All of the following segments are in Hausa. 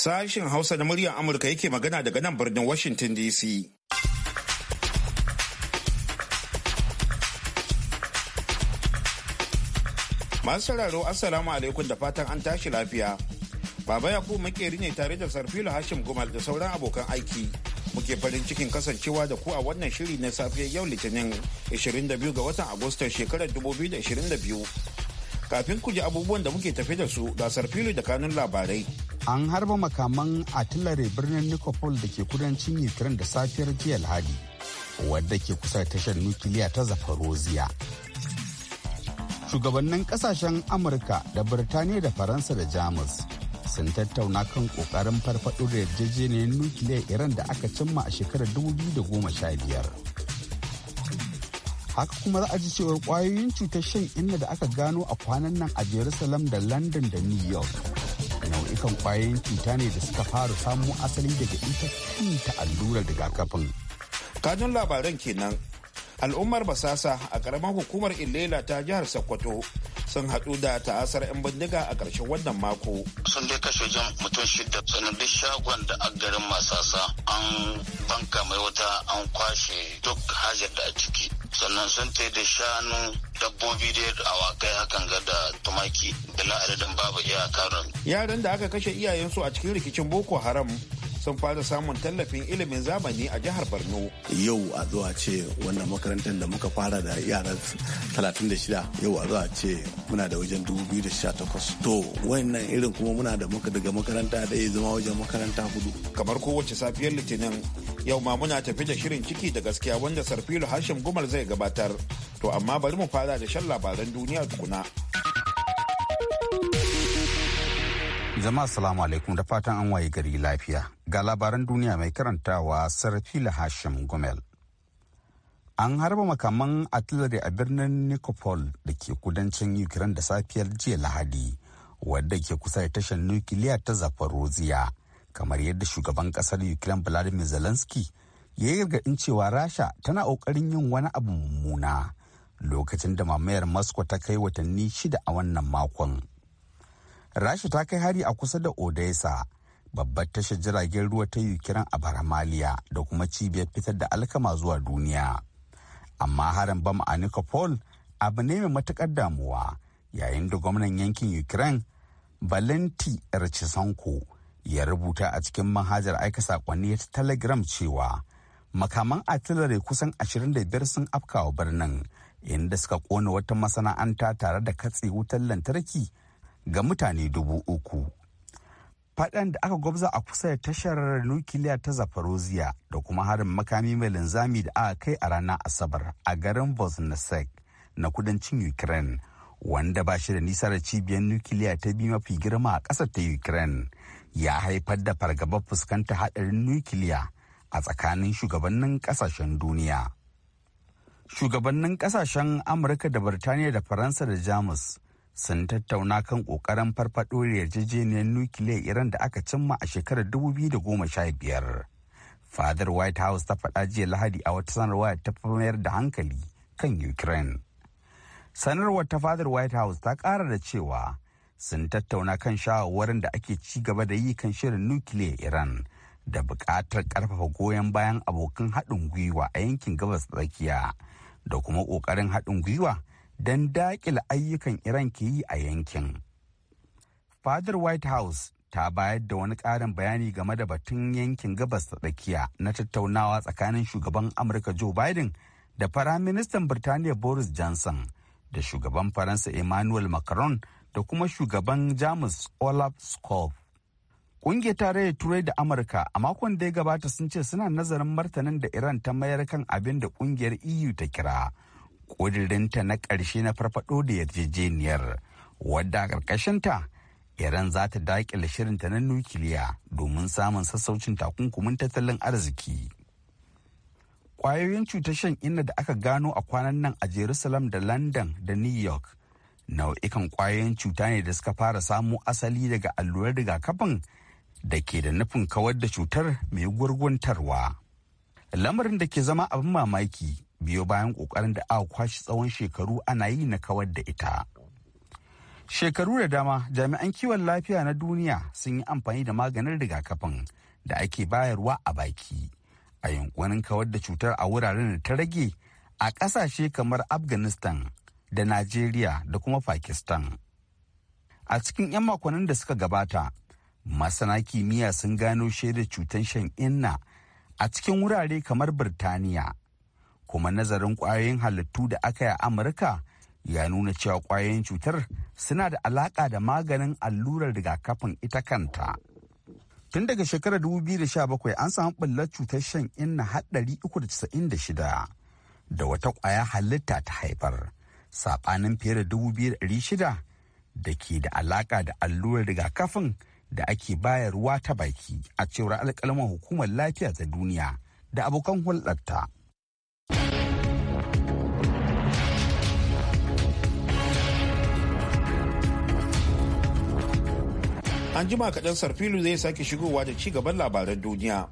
Sashen Hausa na muryar Amurka yake magana daga nan birnin Washington DC. Masu sauraro Assalamu alaikum da fatan an tashi lafiya. Baba Yakubu makeri ne tare da Sarfilo Hashim Gumal da sauran abokan aiki. Muke farin cikin kasancewa da ku a wannan shiri na safiyar yau Litinin 22 ga watan agusta shekarar 2022. Kafin ku ji abubuwan da muke tafe da su ga Sarfilo da kanun labarai. an harba makaman atilare birnin nikopol da ke kudancin ukraine da safiyar jiya lahadi wadda ke kusa da tashar nukiliya ta zafarozia shugabannin kasashen amurka da birtaniya da faransa da jamus sun tattauna kan kokarin farfaɗo da yarjejeniyar nukiliyar iran da aka cimma a shekarar 2015 haka kuma za a ji cewar kwayoyin cutar shan inna da aka gano a kwanan nan a jerusalem da london da new york nau'ikan kwayoyin cuta ne da suka fara samun asali daga ita ta allurar rigakafin kajin labaran kenan al'ummar basasa a karamar hukumar ilela ta jihar sokoto sun haɗu da ta'asar 'yan bindiga a ƙarshen wannan mako. sun dai kashe jan mutum shida sannan shagon da a garin masasa an banka mai wuta an kwashe duk hajar da a ciki sannan sun tai da shanu dabbobi da awakai hakan ga da tumaki da la'adadin babu iyakar yaran da aka kashe iyayensu a cikin rikicin boko haram sun fara samun tallafin ilimin zamani a jihar Borno. Yau a zuwa ce wannan makarantar da muka fara da yara 36 yau a zuwa ce muna da wajen 2018. To wannan irin kuma muna da muka daga makaranta da ya zama wajen makaranta hudu. Kamar kowace safiyar Litinin yau ma muna tafi da shirin ciki da gaskiya wanda Sarfilu Hashim gumar zai gabatar. To amma bari mu fara da shan labaran duniya tukuna. Jama'a salamu alaikum da fatan an waye gari lafiya. Ga labaran duniya mai karantawa Sarfila Hashim gomel An harba makaman artillery a birnin Nikopol da ke kudancin Ukraine da safiyar jiya Lahadi, wadda ke kusa da tashar nukiliya ta Zaporozhye, kamar yadda shugaban kasar Ukraine Vladimir Zelensky ya yi gargaɗin cewa Rasha tana ƙoƙarin yin wani abu mummuna lokacin da mamayar Moscow ta kai watanni shida a wannan makon. rasha ta kai hari a kusa da odessa babbar tashar jiragen ruwa ta ukraine a baramaliya da kuma cibiyar fitar da alkama zuwa duniya amma harin bam a nikopol abu ne mai matukar damuwa yayin da gwamnan yankin ukraine valenti rachisanko ya rubuta a cikin manhajar aika sakonni ta telegram cewa makaman artillery kusan 25 sun afkawa birnin inda suka kona wata masana'anta tare da katse wutar lantarki ga mutane dubu uku. Faɗan da aka gwabza a kusa da tashar nukiliya ta Zaporozhye da kuma harin makami mai linzami da aka kai a ranar Asabar a garin Voznesek na kudancin Ukraine wanda ba shi da nisa da cibiyar nukiliya ta biyu mafi girma a ƙasar ta Ukraine ya haifar da fargabar fuskantar haɗarin nukiliya a tsakanin shugabannin ƙasashen duniya. Shugabannin ƙasashen Amurka da Birtaniya da Faransa da Jamus sun tattauna kan ƙoƙarin farfaɗo yarjejeniyar nukiliya Iran da aka cimma a shekarar 2015. Fadar White House ta faɗa jiya Lahadi a wata sanarwa ta mayar da hankali kan Ukraine. Sanarwar ta Fadar White House ta ƙara da cewa sun tattauna kan shawarwarin da ake ci gaba da yi kan shirin nukiliya Iran da buƙatar ƙarfafa goyon bayan abokan haɗin gwiwa a yankin gabas tsakiya da kuma ƙoƙarin haɗin gwiwa don dakila ayyukan iran ke yi a yankin fadar white house ta bayar da wani ƙarin bayani game da batun yankin gabas ta tsakiya na tattaunawa tsakanin shugaban amurka joe biden da firaministan birtaniya boris johnson da shugaban faransa emmanuel macron da kuma shugaban jamus olaf scholz Ƙungiyar tarayyar Turai da Amurka a makon da ya gabata sun ce suna nazarin martanin da Iran ta mayar kan abin da ƙungiyar EU ta kira Ƙudirinta na ƙarshe na farfaɗo da yarjejeniyar wadda ƙarƙashinta iran za ta daƙile shirinta na nukiliya domin samun sassaucin takunkumin tattalin arziki ƙwayoyin cutar shan inna da aka gano a kwanan nan a jerusalem da london da new york nau'ikan kwayoyin cuta ne da suka fara samo asali daga allurar rigakafin da ke da nufin kawar da cutar mai gurguntarwa lamarin da ke zama abin mamaki biyo bayan kokarin da aka kwashi tsawon shekaru ana yi na kawar da ita shekaru da dama jami'an kiwon lafiya na duniya sun yi amfani da maganin rigakafin da ake bayarwa a baki a yankunan kawar da cutar a wuraren da ta rage a ƙasashe kamar afghanistan da najeriya da kuma pakistan a cikin 'yan makonnin da suka gabata masana kimiyya sun gano shaidar cutar shan inna a cikin wurare kamar birtaniya kuma nazarin kwayoyin halittu da aka yi a amurka ya nuna cewa kwayoyin cutar suna da alaƙa da maganin allurar rigakafin ita kanta tun daga shekarar 2017 an samu ɓullar cutar shan inna haɗari 396 da wata kwaya halitta ta haifar saɓanin fiye da 2,600 da ke da alaƙa da allurar rigakafin da ake bayarwa ta baki a cewar alƙalaman hukumar lafiya ta duniya da abokan hulɗarta. an jima kaɗan sarfilu zai sake shigowa da ci gaban labaran duniya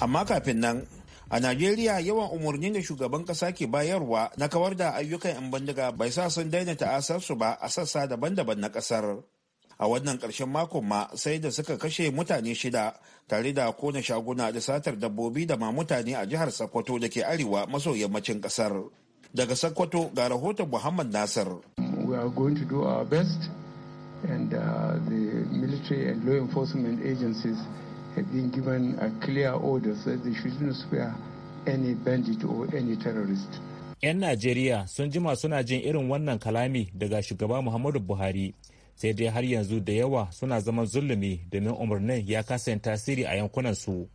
amma kafin nan a najeriya yawan umarnin da shugaban ƙasa ke bayarwa na kawar da ayyukan 'yan bandiga bai sa sun daina ta'asarsu ba a sassa daban-daban na ƙasar a wannan ƙarshen makon ma sai da suka kashe mutane shida tare da kona shaguna da satar dabbobi da ma mutane a jihar sokoto da ke arewa maso yammacin ƙasar daga sokoto ga rahoton muhammad nasir we and uh, the military and law enforcement agencies have been given a clear order that they shouldn't spare any bandit or any terrorist. 'Yan Najeriya sun jima suna jin irin wannan kalami daga shugaba Muhammadu Buhari sai dai har yanzu da yawa suna zaman zulumi domin umarnin ya kasa tasiri a yankunansu.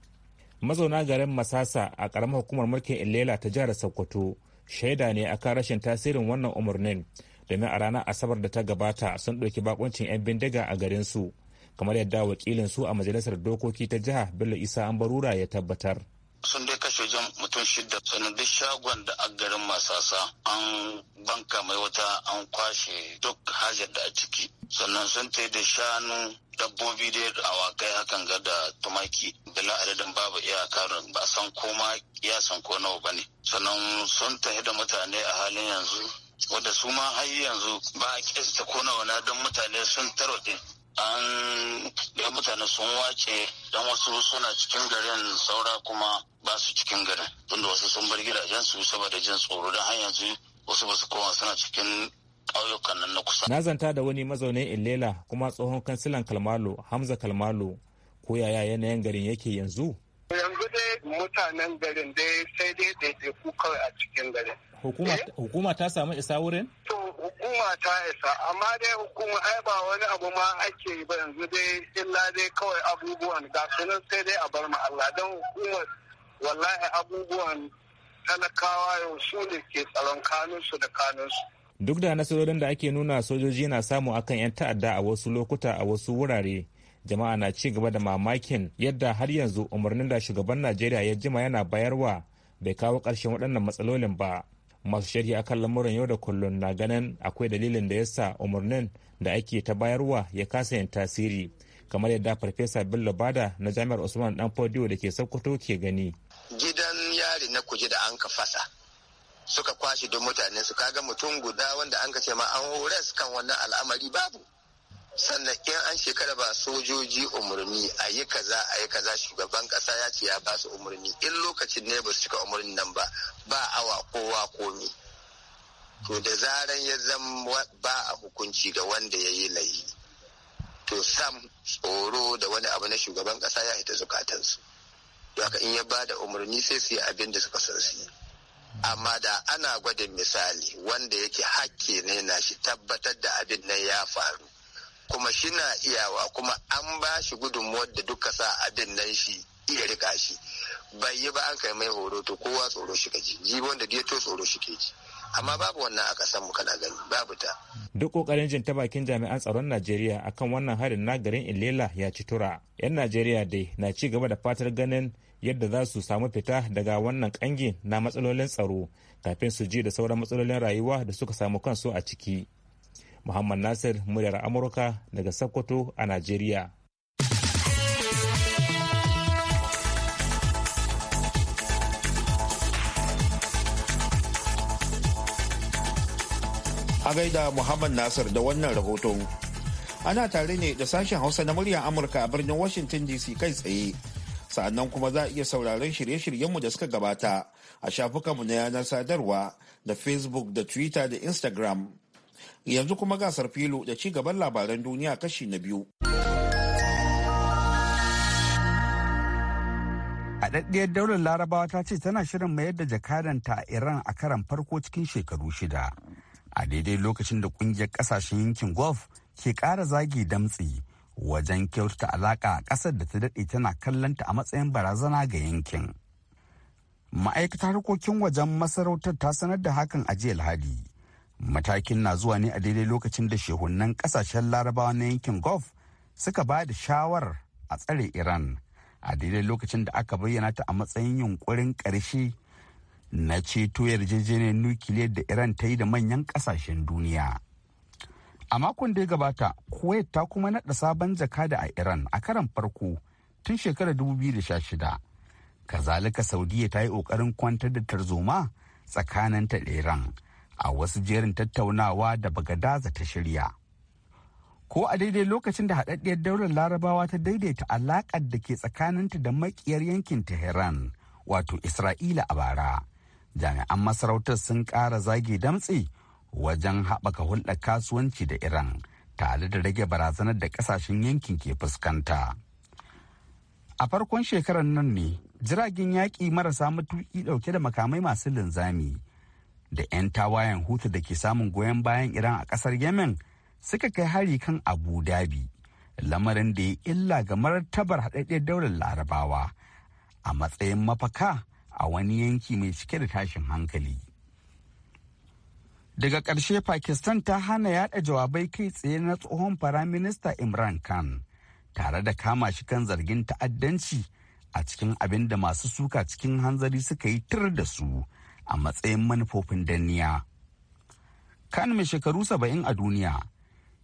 Mazauna garin Masasa a ƙaramar hukumar mulkin Ilela ta jihar Sokoto shaida ne akan rashin tasirin wannan umarnin. domin a ranar asabar da ta gabata sun ɗauki bakuncin 'yan bindiga a garin su kamar yadda wakilin su a majalisar dokoki ta jiha bello isa an barura ya tabbatar sun dai kashe jan mutum shida sannan shagon da a garin masasa an banka mai wata an kwashe duk hajar da a ciki sannan sun ta da shanu dabbobi da awakai hakan ga da tumaki da adadin babu iyaka ba san koma ya san ko nawa ba ne. sannan sun ta da mutane a halin yanzu wanda su ma har yanzu ba a ta ko na don mutane sun tarwaɗe an da mutane sun wace don wasu suna cikin garin saura kuma ba su cikin garin tunda wasu sun bar gidajen su saboda jin tsoro don har yanzu wasu ba su kowa suna cikin ƙauyukan nan na kusa. Na zanta da wani mazaunin Ilela kuma tsohon kansilan Kalmalo Hamza Kalmalo ko yaya yanayin garin yake yanzu? yanzu dai mutanen garin dai sai dai ɗaiɗaiku kawai a cikin garin eh? hukuma ta samu isa wurin? To hukuma ta isa amma dai hukuma ai ba wani abu ma ake yi ba yanzu dai illa dai kawai abubuwan ga sunan sai dai a bar ma Allah don hukumar wallahi abubuwan talakawa yau su ne ke tsaron kanunsu da kanunsu. Duk da nasarorin da ake nuna sojoji na samu akan 'yan ta'adda a wasu lokuta a wasu wurare jama'a na ci gaba da mamakin yadda har yanzu umarnin da shugaban najeriya ya jima yana bayarwa bai kawo ƙarshen waɗannan matsalolin ba masu sharhi akan lamurin yau da kullum na ganin akwai dalilin da yasa umarnin da ake ta bayarwa ya kasa yin tasiri kamar yadda farfesa bello bada na jami'ar usman dan fodiyo da ke sokoto ke gani gidan yari na kuje da an ka fasa suka kwashe don mutane su ka ga mutum guda wanda an ka ce ma an horas kan wannan al'amari babu sannan in an shekara ba sojoji umarni a yi kaza a yi kaza shugaban kasa ya ce ya ba su umarni in lokacin ne ba su cika umarni nan ba ba awa kowa komi to da zaran ya zama ba a hukunci ga wanda ya yi laifi to sam tsoro da wani abu na shugaban kasa ya hita zukatansu haka in ya ba da umarni sai su yi abin da suka san su amma da ana gwada misali wanda yake hakke ne na shi tabbatar da abin nan ya faru kuma shi na iyawa kuma an ba shi gudunmuwar da duka sa abin nan shi iya rika shi bai yi ba an kai mai horo to kowa tsoro shi kaji ji wanda da to tsoro shi ke ji amma babu wannan a kasan mu kana gani babu ta duk kokarin jin ta bakin jami'an tsaron Najeriya akan wannan harin na garin Ilela ya ci tura yan Najeriya dai na ci gaba da fatar ganin yadda za su samu fita daga wannan kangi na matsalolin tsaro kafin su ji da sauran matsalolin rayuwa da suka samu kansu a ciki Muhammad Nasir muryar Amurka daga Sokoto a Najeriya. A gaida Muhammad Nasir da wannan rahoton. Ana tare ne da sashen Hausa na muryar Amurka a birnin Washington DC kai tsaye. sa'annan kuma za a iya sauraron shirye-shiryenmu da suka gabata a shafukanmu na yanar sadarwa da facebook da twitter da instagram Yanzu kuma gasar filo da ci gaban labaran duniya kashi na biyu. Haɗaɗɗiyar daular larabawa ta ce tana shirin mayar da jakadanta a Iran a karan farko cikin shekaru shida. A daidai lokacin da ƙungiyar ƙasashen yankin Gulf ke ƙara zagi damtsi wajen kyautata alaƙa a ƙasar da ta daɗe tana kallonta a matsayin barazana ga yankin. Ma'aikatar harkokin wajen masarautar ta sanar da hakan a jiya Lahadi. Matakin na zuwa ne a daidai lokacin da shehunan kasashen larabawa na yankin Gulf suka ba da shawarar a tsare Iran a daidai lokacin da aka bayyana ta a matsayin yunkurin ƙarshe na ceto yarjejeniyar nukiliyar da Iran ta yi da manyan kasashen duniya. A makon da ya gabata, Kuwait ta kuma naɗa sabon jakada a Iran a karan farko tun shekarar 2016. Kazalika Saudiya ta yi ƙoƙarin kwantar da tarzoma tsakaninta da Iran a wasu jerin tattaunawa da bagadaza ta shirya ko a daidai lokacin da haɗaɗɗiyar daular larabawa ta daidaita alaƙar da ke tsakaninta da maƙiyar yankin tehran wato isra'ila a bara jami'an masarautar sun ƙara zage damtse wajen haɓaka hulɗar kasuwanci da iran tare da rage barazanar da ƙasashen yankin ke fuskanta a farkon shekarar nan ne jiragen yaƙi marasa matuƙi ɗauke da makamai masu linzami da 'yan tawayen hutu da ke samun goyon bayan iran a kasar yemen suka kai hari kan abu dhabi lamarin da ya illa ga martabar haɗaɗɗiyar daular larabawa a matsayin mafaka a wani yanki mai cike da tashin hankali daga ƙarshe pakistan ta hana yada jawabai kai tsaye na tsohon firaminista imran khan tare da kama shi kan zargin ta'addanci a cikin abin da masu suka cikin hanzari suka yi tir da su a matsayin manufofin danniya. kan mai shekaru saba'in a duniya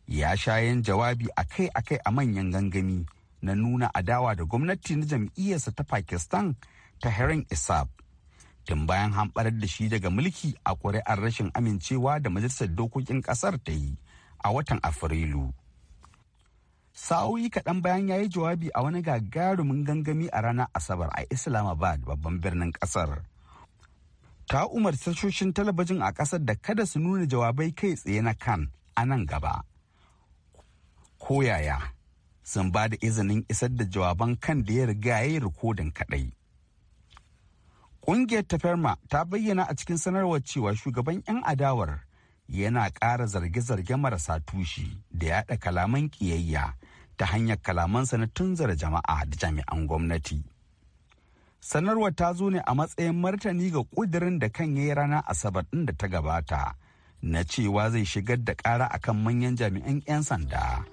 ya shayan jawabi akai-akai a manyan gangami na nuna adawa da gwamnati na jam'iyyarsa ta pakistan ta herin isab tun bayan hamɓarar da shi daga mulki a ƙuri'ar rashin amincewa da majalisar dokokin ƙasar ta yi a watan afrilu sa'o'i kaɗan bayan ya yi jawabi a wani gagarumin gangami a ranar asabar a islamabad babban birnin ƙasar ta umarci tashoshin talabijin a ƙasar da kada su nuna jawabai kai tsaye na kan a nan gaba koyaya sun ba da izinin isar da jawaban kan da ya riga ya yi rikodin kaɗai ƙungiyar taferma ta bayyana a cikin sanarwar cewa shugaban 'yan adawar yana ƙara zarge-zarge marasa tushi da yaɗa kalaman ƙiyayya ta hanyar kalamansa na tunzara jama'a da jami'an gwamnati sanarwar ta zo ne a matsayin martani ga kudirin da kan yayi ranar asabar ɗin da ta gabata na cewa zai shigar da ƙara akan manyan jami'an 'yan sanda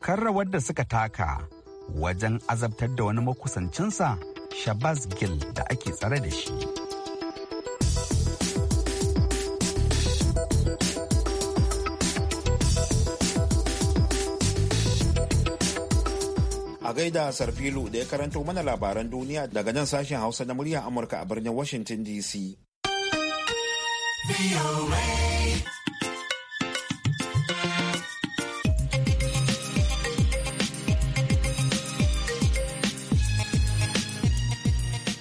karrawar da suka taka wajen azabtar da wani makusancinsa shabazz gil da ake tsare da shi. a gaida sarfilu da ya karanto mana labaran duniya daga nan sashen hausa na murya amurka a birnin washington dc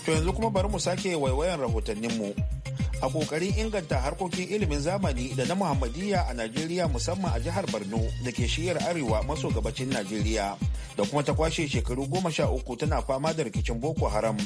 To yanzu kuma bari mu sake waiwayan rahotanninmu. a kokarin inganta harkokin ilimin zamani da na muhammadiyya a najeriya musamman a jihar borno da ke shiyar arewa maso gabacin najeriya da kuma ta kwashe shekaru goma sha uku tana fama da rikicin boko haram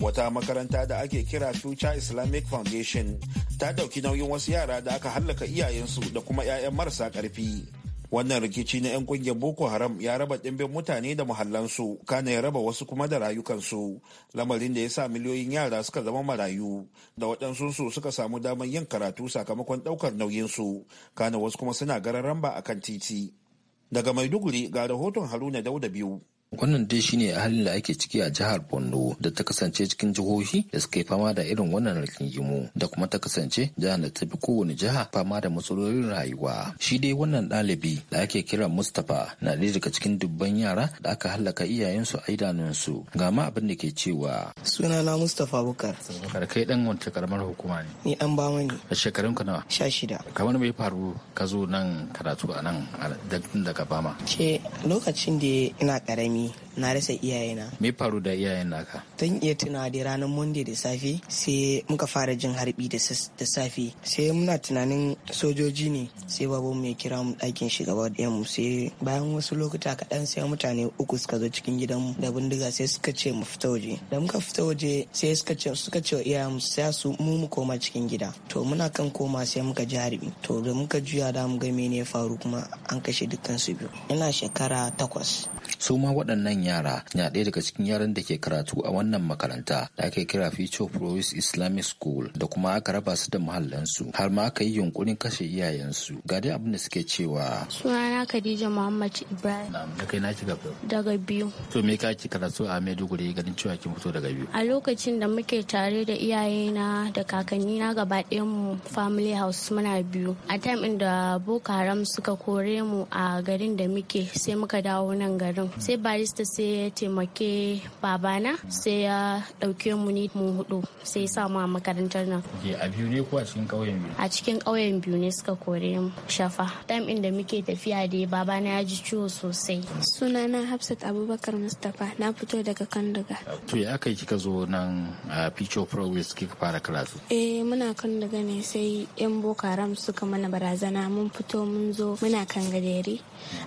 wata makaranta da ake kira future islamic foundation ta ɗauki nauyin wasu yara da aka hallaka iyayensu da kuma 'ya'yan marasa ƙarfi wannan rikici na 'yan kungiyar boko haram ya raba ɗimbin mutane da muhallansu kana ya raba wasu kuma da rayukansu lamarin da ya sa miliyoyin yara suka zama marayu da waɗansu su suka samu damar yin karatu sakamakon ɗaukar nauyinsu kana wasu kuma suna gararan ba a kan titi daga maiduguri ga rahoton haruna dauda biyu Wannan dai shine a halin da ake ciki a jihar Borno da ta kasance cikin jihohi da suka yi fama da irin wannan rikimu da kuma ta kasance jihar da ta fi kowane jiha fama da matsalolin rayuwa. Shi dai wannan ɗalibi da ake kira Mustapha na ɗaya daga cikin dubban yara da aka hallaka iyayensu a idanunsu ga ma abin da ke cewa. Sunana Mustapha Bukar. Bukar kai ɗan wata karamar hukuma ne. Ni an ba mani. A shekarun ka nawa? Sha shida. Kamar me faru ka zo nan karatu a nan daga Bama? ke lokacin da ina ƙarami azumi na rasa iyayena. Me faru da iyayen naka? Tun iya tuna da ranar Monday da safe sai muka fara jin harbi da safe sai muna tunanin sojoji ne sai babu mai kira mu ɗakin shi gaba da yamu sai bayan wasu lokuta kaɗan sai mutane uku suka zo cikin gidanmu da bindiga sai suka ce mu fita waje da muka fita waje sai suka ce suka ce iyayen sai su mu mu koma cikin gida to muna kan koma sai muka ji harbi to da muka juya da mu ga mene ya faru kuma an kashe dukkan su biyu ina shekara takwas. su ma waɗannan yara na ɗaya daga cikin yaran da ke karatu a wannan makaranta da aka kira Ficho Provis Islamic School da kuma aka raba su da muhallansu har ma aka yi yunkurin kashe iyayensu ga dai abin da suke cewa. Sunana Khadija Muhammad Ibrahim. Da kai na Daga biyu. To me ka ki karatu a Maiduguri ganin cewa kin fito daga biyu. A lokacin da muke tare da iyayena da kakannina gaba mu family house muna biyu. A time da Boko Haram suka kore mu a garin da muke sai muka dawo nan garin. Sai ba barista sai ya taimake babana sai ya dauke mu ni mu hudu sai ya sa a makarantar nan. A biyu ne ko a cikin ƙauyen biyu? A cikin ƙauyen biyu ne suka kore mu shafa. Dan inda muke tafiya da babana ya ji ciwo sosai. Sunana Hafsat Abubakar Mustapha na fito daga Kandaga. To ya aka kika zo nan a pro west kika fara karatu? Eh muna Kandaga ne sai 'yan Boko Haram suka mana barazana mun fito mun zo muna Kangaderi.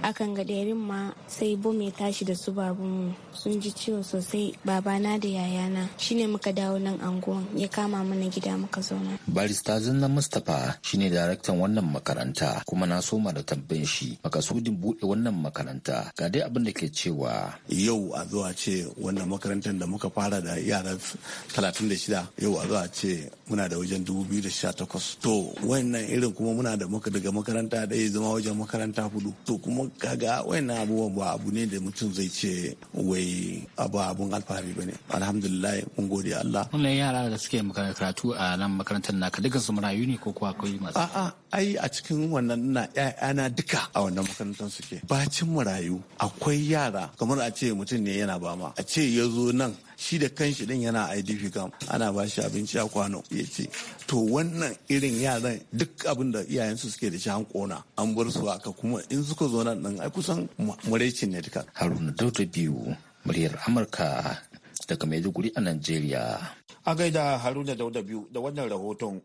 A Kangaderin ma sai bom ya tashi da su babanmu sun ji ciwo sosai babana da yayana shine muka dawo nan anguwan ya kama mana gida muka zauna. Barista Zanna Mustapha shine daraktan wannan makaranta kuma na soma da tambayin shi makasudin buɗe wannan makaranta ga dai abin da ke cewa. Yau a zuwa ce wannan makarantar da muka fara da yara talatin da shida yau a zuwa ce muna da wajen dubu To wannan irin kuma muna da muka daga makaranta ɗaya zama wajen makaranta hudu. To kuma kaga wannan abubuwan ba abu ne da mutum zai ce wai abu abun alfahari bane ne alhamdulillah mun gode Allah. ne yara da suke karatu a nan makarantar naka dukkan su marayu ne ko kuwa akwai masu? A'a ai a cikin wannan na ƴaƴana duka a wannan makarantar suke. Bacin marayu akwai yara kamar a ce mutum ne yana bama a ce ya zo nan shi da kanshi din yana idp kam ana ba shi abinci a kwano ya ce to wannan irin yaran duk abin da iyayensu suke da shi an kona an bar su haka kuma in suka zo nan din ai kusan muraicin ne duka haruna dauda biyu muryar amurka daga maiduguri a nigeria. a gaida haruna dauda biyu da wannan rahoton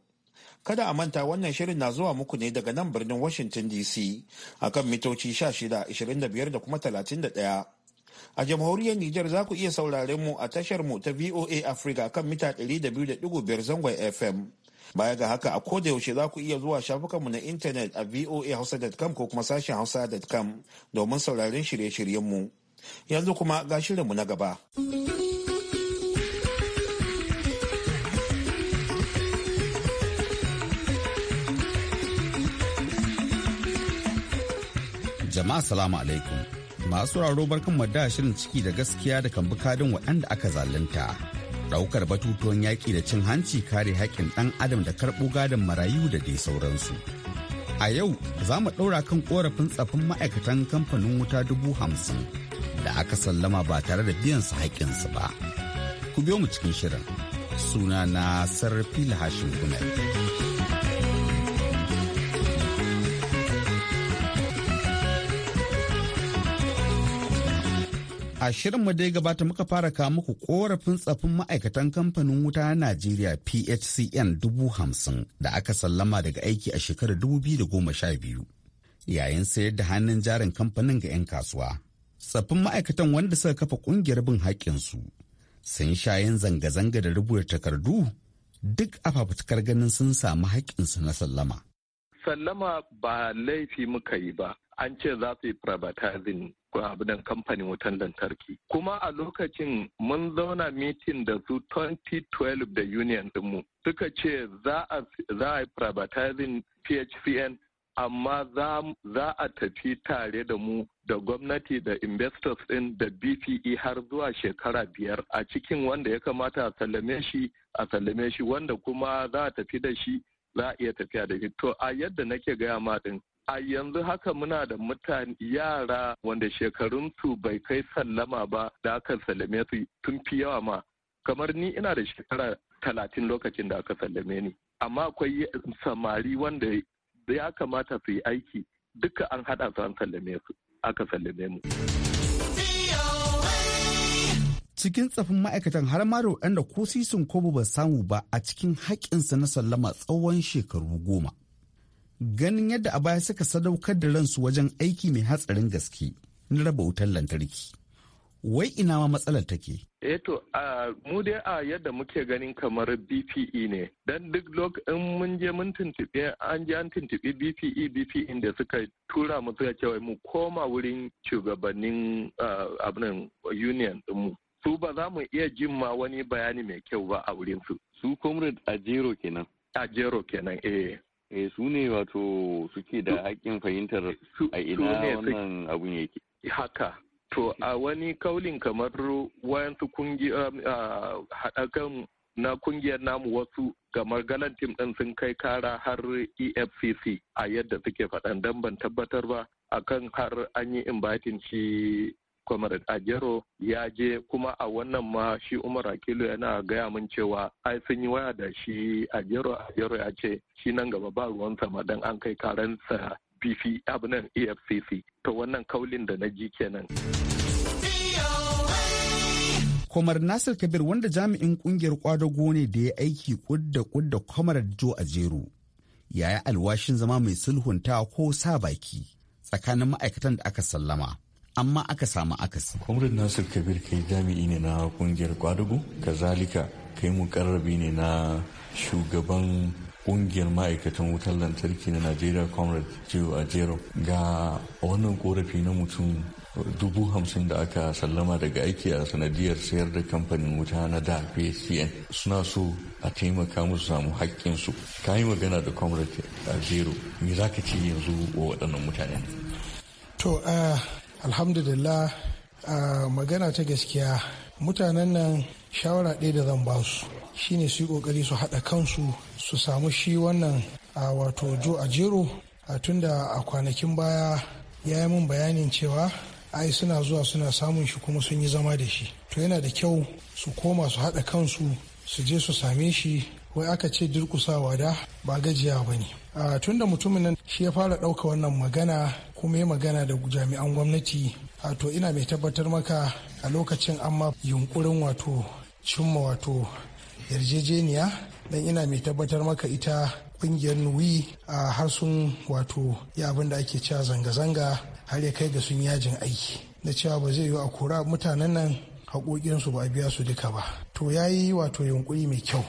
kada a manta wannan shirin na zuwa muku ne daga nan birnin washington dc akan mitoci 16 25 da kuma 31 A jamhuriyar Nijar za ku iya sauraren mu a tashar mu ta VOA Africa kan mita 200.5 zangon FM. Baya ga haka a koda yaushe za ku iya zuwa shafukanmu na intanet a voahausa.com ko kuma sashen hausa.com domin sauraren shirye-shiryenmu. Yanzu kuma ga shirin mu na gaba. Jama'a salamu alaikum. masu raro barkan da shirin ciki da gaskiya da kan bukadin waɗanda aka zalunta ɗaukar batutuwan yaƙi da cin hanci kare haƙƙin ɗan adam da karɓo gadon marayu da dai sauransu a yau za mu ɗaura kan ƙorafin tsafin ma'aikatan kamfanin wuta dubu hamsin da aka sallama ba tare da biyan su su ba ku biyo mu cikin shirin suna na sarfila Lahashin gumel A shirinmu da ya gabata muka fara kawo muku korafin tsafin ma'aikatan kamfanin wuta na Najeriya PHCN dubu hamsin da aka sallama daga aiki a shekarar 2012. Yayin sayar da hannun jarin kamfanin ga 'yan kasuwa. Tsafin ma'aikatan wanda suka kafa kungiyar bin haƙƙinsu sun sha yin zanga-zanga da rubuta takardu duk a fafutukar ganin sun samu haƙƙinsu na sallama. Sallama ba laifi muka yi ba. an ce za su yi privatizing abinan kamfanin wutan lantarki kuma a lokacin mun zauna mitin da su 2012 da union dinmu suka ce za a yi privatizing phcn amma za a tafi tare da mu da gwamnati da investors din da bpe har zuwa shekara biyar a cikin wanda ya kamata a sallame shi a sallame shi wanda kuma za a tafi da shi za a iya tafiya da shi to a yadda nake gaya ma din a yanzu haka muna da mutane yara wanda shekarunsu bai kai sallama ba da aka sallame su tun fi yawa ma kamar ni ina da shekara talatin lokacin da aka sallame ni amma akwai samari wanda ya kamata su yi aiki duka an haɗa su an sallame su aka sallame mu. cikin tsafin ma'aikatan har ma da waɗanda ko sisin kobo ba samu ba a cikin haƙƙinsa na sallama tsawon shekaru goma. ganin yadda a baya suka sadaukar da ransu wajen aiki mai hatsarin gaske na raba wutar lantarki. Wai ina ma matsalar take? Eh to, mu dai a yadda muke ganin kamar BPE ne, dan duk lokacin mun je mun tuntuɓe an je an tuntuɓi BPE BPE da suka tura mu suka cewa mu koma wurin shugabannin abinan union mu. Su ba za mu iya jin ma wani bayani mai kyau ba a wurin su. Su comrade a jero kenan. A jero kenan, eh. eh su ne wato suke da haƙƙin fahimtar a ina wannan abun yake haka to a wani kaulin kamar wayansu um, uh, haɗakan na kungiyar namu wasu kamar tim ɗin sun kai kara har efcc a yadda suke faɗan don ban tabbatar ba akan har an yi inviting shi comrade ajero ya je kuma a wannan ma shi umar akilu yana gaya min cewa ai sun yi waya da shi ajero ajero ya ce shi nan gaba ba ruwan sama dan an kai karansa fifi abinan efcc to wannan kaulin da na ji kenan Komar Nasir Kabir wanda jami'in kungiyar kwadago ne da ya aiki kudda kudda Komar Jo Ajeru yaya alwashin zama mai sulhunta ko sa baki tsakanin ma'aikatan da aka sallama amma aka samu akasi. Kwamrin Nasir Kabir kai jami'i ne na kungiyar kwadugu, kazalika kai mukarrabi ne na shugaban kungiyar ma'aikatan wutar lantarki na Najeriya Comrade Jiyo Ajero ga wannan korafi na mutum dubu hamsin da aka sallama daga aiki a sanadiyar sayar da kamfanin wuta na da pcn suna so a taimaka musu samu haƙƙinsu ka yi magana da comrade a me za ka ce yanzu wa waɗannan mutane to ah, alhamdulillah a magana ta gaskiya mutanen nan shawara ɗaya da zan ba su shine su yi ƙoƙari su haɗa kansu su samu shi wannan a wato jo a jero a da a kwanakin baya ya yi min bayanin cewa ai suna zuwa suna samun shi kuma sun yi zama da shi to yana da kyau su koma su haɗa kansu su je su same shi wai aka ce durƙusawa da ba gajiya ba ne tunda mutumin nan shi ya fara ɗauka wannan magana kuma yi magana da jami'an gwamnati to ina mai tabbatar maka a lokacin amma yunkurin wato cimma wato yarjejeniya dan ina mai tabbatar maka ita kungiyar nuwi a harsun wato ya abin da ake cewa zanga-zanga har ya kai ga sun yajin aiki na cewa ba zai yi a kora mutanen nan haƙoƙinsu ba a biya su duka ba to ya yi wato yunkuri mai kyau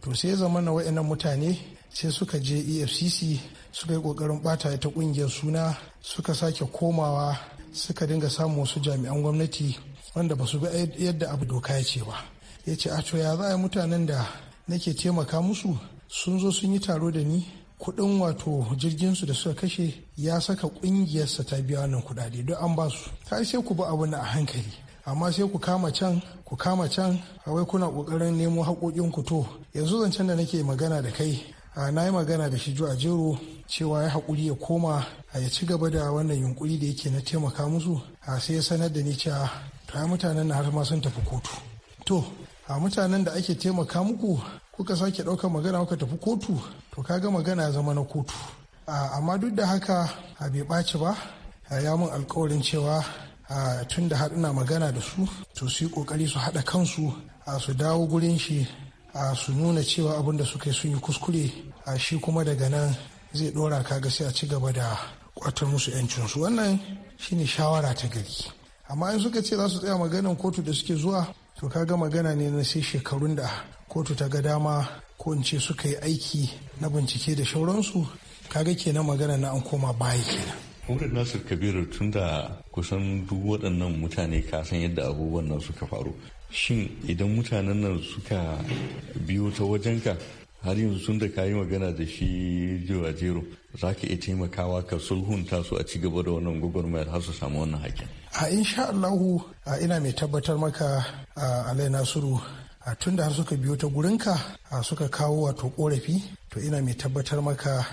to sai zama na wa'annan mutane sai suka je efcc suka yi ƙoƙarin ɓata ta ƙungiyar suna suka sake komawa suka dinga samun wasu jami'an gwamnati wanda ba su bi yadda abu doka ya ce ba ya ce a to ya za a yi mutanen da nake taimaka musu sun zo sun yi taro da ni kuɗin wato jirginsu da suka kashe ya saka ƙungiyarsa ta biya wannan kudade. don an ba su ta sai ku bi na a hankali amma sai ku kama can ku kama can wai kuna ƙoƙarin nemo haƙoƙin ku to yanzu zancen da nake magana da kai na yi magana da shi a jero cewa ya haƙuri ya koma ya ci gaba da wannan yunkuri da yake na taimaka musu a sai ya sanar da ni cewa to mutanen na har ma sun tafi kotu to a mutanen da ake taimaka muku kuka sake ɗaukar magana kuka tafi kotu to ka ga magana ya zama na kotu amma duk da haka a bai ɓaci ba ya mun alkawarin cewa tun da har ina magana da su to su yi ƙoƙari su haɗa kansu a su dawo gurin shi a su nuna cewa abin da suka yi sun yi kuskure a shi kuma daga nan zai dora kaga sai a ci gaba da kwatar musu yancinsu wannan shine shawara ta gari amma in suka ce za su tsaya maganan kotu da suke zuwa to kaga magana ne na sai shekarun da kotu ta ga dama ko in ce suka yi aiki na bincike da shauransu kaga kenan magana na an koma baya kenan Murid Nasir Kabiru tun da kusan duk waɗannan mutane ka san yadda abubuwan nan suka faru. Shin idan mutanen nan suka biyo ta wajenka har yanzu tun da ka yi magana da shi jero za ka iya taimakawa ka sulhunta su a ci gaba da wannan gwagwarmayar har su samu wannan hakin. a insha Allahu ina mai tabbatar maka alai nasiru tun da har suka biyo ta gurinka suka kawo wato korafi to ina mai tabbatar maka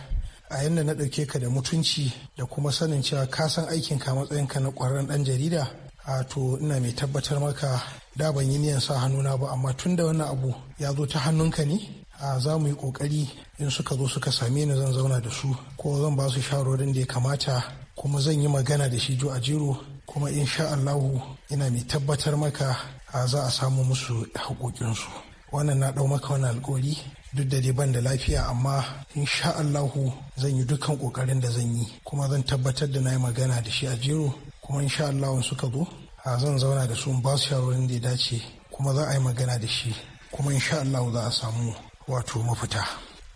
a yadda na ɗauke ka da mutunci da kuma sanin cewa ka san aikin ka matsayinka na ƙwararren ɗan jarida a to ina mai tabbatar maka da ban yi niyan sa hannuna ba amma tun da wannan abu ya zo ta hannunka ne za mu yi kokari in suka zo suka same ni zan zauna da su ko zan ba su shawarorin da ya kamata kuma zan yi magana da shi jo a jero kuma insha Allahu ina mai tabbatar maka a za a samu musu haƙoƙinsu wannan na ɗau maka wani alƙawari duk da ban da lafiya amma insha Allahu zan yi dukkan ƙoƙarin da zan yi kuma zan tabbatar da na yi magana da shi a jero kuma insha Allahu suka zo a zan zauna da su in ba su shawarorin da ya dace kuma za a yi magana da shi kuma insha Allahu za a samu wato mafita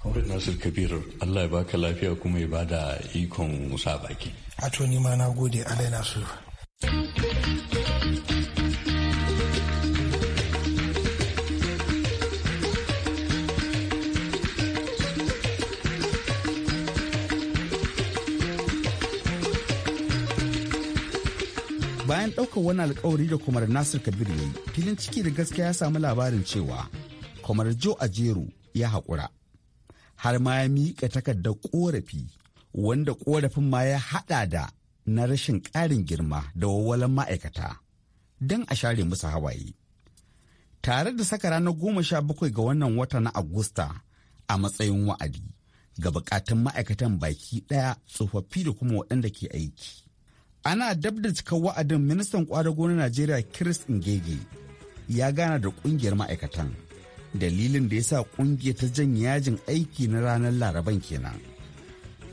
Murid Nasir Kabir Allah ya baka lafiya kuma ya bada ikon musa baki. A to ni ma na gode Allah ya Bayan ɗaukar wani alkawari da kumar Nasir Kabir ya yi, filin ciki da gaskiya ya samu labarin cewa, kumar Jo Ajeru ya haƙura har ma ya miƙa takardar ƙorafi wanda ƙorafin ma ya haɗa da na rashin ƙarin girma da wawalan ma'aikata don a share musu hawaye tare da saka ranar goma sha bakwai ga wannan wata na agusta a matsayin wa'adi ga buƙatun ma'aikatan baki ɗaya tsofaffi da kuma waɗanda ke aiki ana dab da cika wa'adin ministan kwadago na najeriya chris ngege ya gana da ƙungiyar ma'aikatan dalilin da ya sa kungiyar ta janye yajin aiki na ranar laraban kenan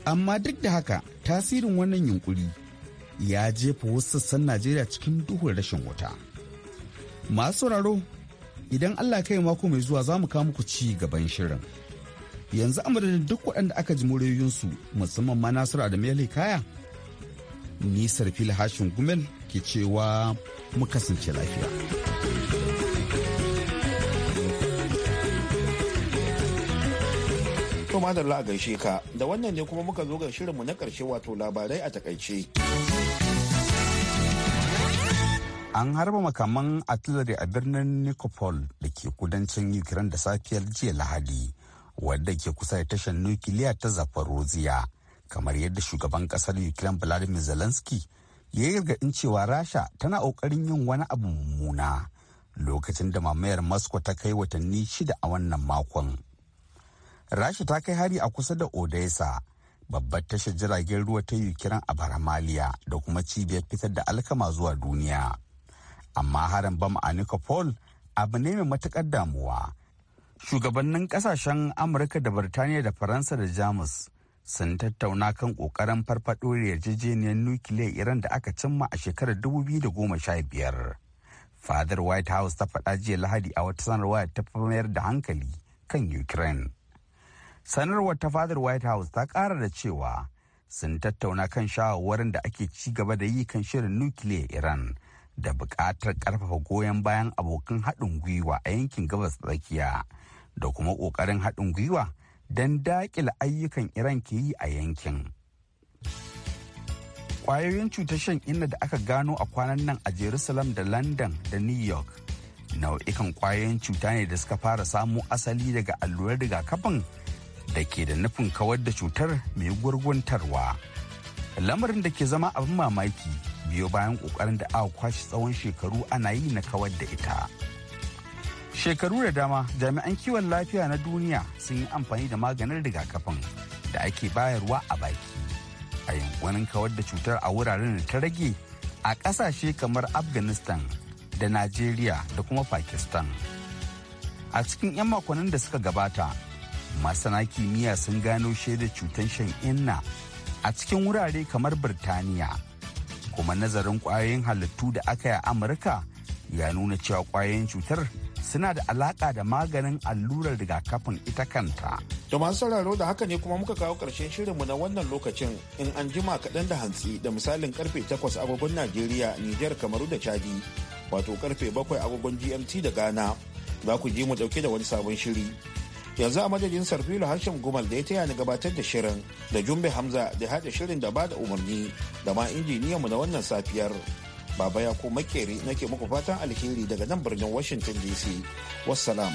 amma duk da haka tasirin wannan yunkuri ya jefa wasu sassan najeriya cikin duhun rashin wuta masu sauraro idan allah kai mako mai zuwa za mu kawo muku ci gaban shirin yanzu amadadin duk waɗanda aka ji murayoyinsu musamman ma nasiru adamu kaya nisar fili hashin gumel ke cewa mu kasance lafiya. To madalla a gaishe ka da wannan ne kuma muka zo ga shirinmu na karshe wato labarai a takaice. An harba makaman artillery a birnin Nikopol da ke kudancin Ukraine da safiyar jiya Lahadi wadda ke kusa da tashar nukiliya ta Zaporozhye kamar yadda shugaban kasar Ukraine Vladimir Zelensky ya yi gargaɗin cewa Rasha tana ƙoƙarin yin wani abu mummuna lokacin da mamayar Moscow ta kai watanni shida a wannan makon. rasha ta kai hari a kusa da odessa babbar tashar jiragen ruwa ta ukraine a baramaliya da kuma cibiyar fitar da alkama zuwa duniya amma harin bam a nicopol abu ne mai matukar damuwa shugabannin kasashen amurka da birtaniya da faransa da jamus sun tattauna kan kokarin farfaɗo yarjejeniyar nukiliya iran da aka cimma a shekarar 2015 fadar white house ta faɗa jiya lahadi a wata sanarwa ta mayar da hankali kan ukraine sanarwar ta fadar white house ta kara da cewa sun tattauna kan shawarwarin da ake ci gaba da yi kan shirin nukiliya iran da buƙatar ƙarfafa goyon bayan abokan haɗin gwiwa a yankin gabas tsakiya da kuma ƙoƙarin haɗin gwiwa don daƙila ayyukan iran ke yi a yankin ƙwayoyin cutar shan inna da aka gano a kwanan nan a jerusalem da london da new york nau'ikan ƙwayoyin cuta ne da suka fara samo asali daga allurar rigakafin da ke da nufin kawar da cutar mai gurguntarwa. Lamarin da ke zama abin mamaki biyo bayan kokarin da aka kwashi tsawon shekaru ana yi na kawar da ita. Shekaru da dama jami'an kiwon lafiya na duniya sun yi amfani da maganin rigakafin da ake bayarwa a baki. A yankunan kawar da cutar a wuraren da ta rage a ƙasashe kamar Afghanistan da Najeriya da kuma Pakistan. A cikin 'yan makonnin da suka gabata masana kimiyya sun gano shaida cutar shan inna a cikin wurare kamar birtaniya kuma nazarin kwayoyin halittu da aka yi a amurka ya nuna cewa kwayoyin cutar suna da alaka da maganin allurar rigakafin ita kanta. Da masu sauraro da haka ne kuma muka kawo ƙarshen shirinmu na wannan lokacin in an jima kaɗan da hantsi da misalin karfe 8 agogon Najeriya, Nijar, Kamaru da Chadi, wato karfe 7 agogon GMT da Ghana. Za ku je mu ɗauke da wani sabon shiri. yanzu a madadin sarfilo hashim gumal da ya taya ni gabatar da shirin da jumbe hamza da haɗa shirin da ba da umarni da ma injiniyanmu na wannan safiyar baba ya ko makeri nake muku fatan alheri daga nan birnin washington dc wassalam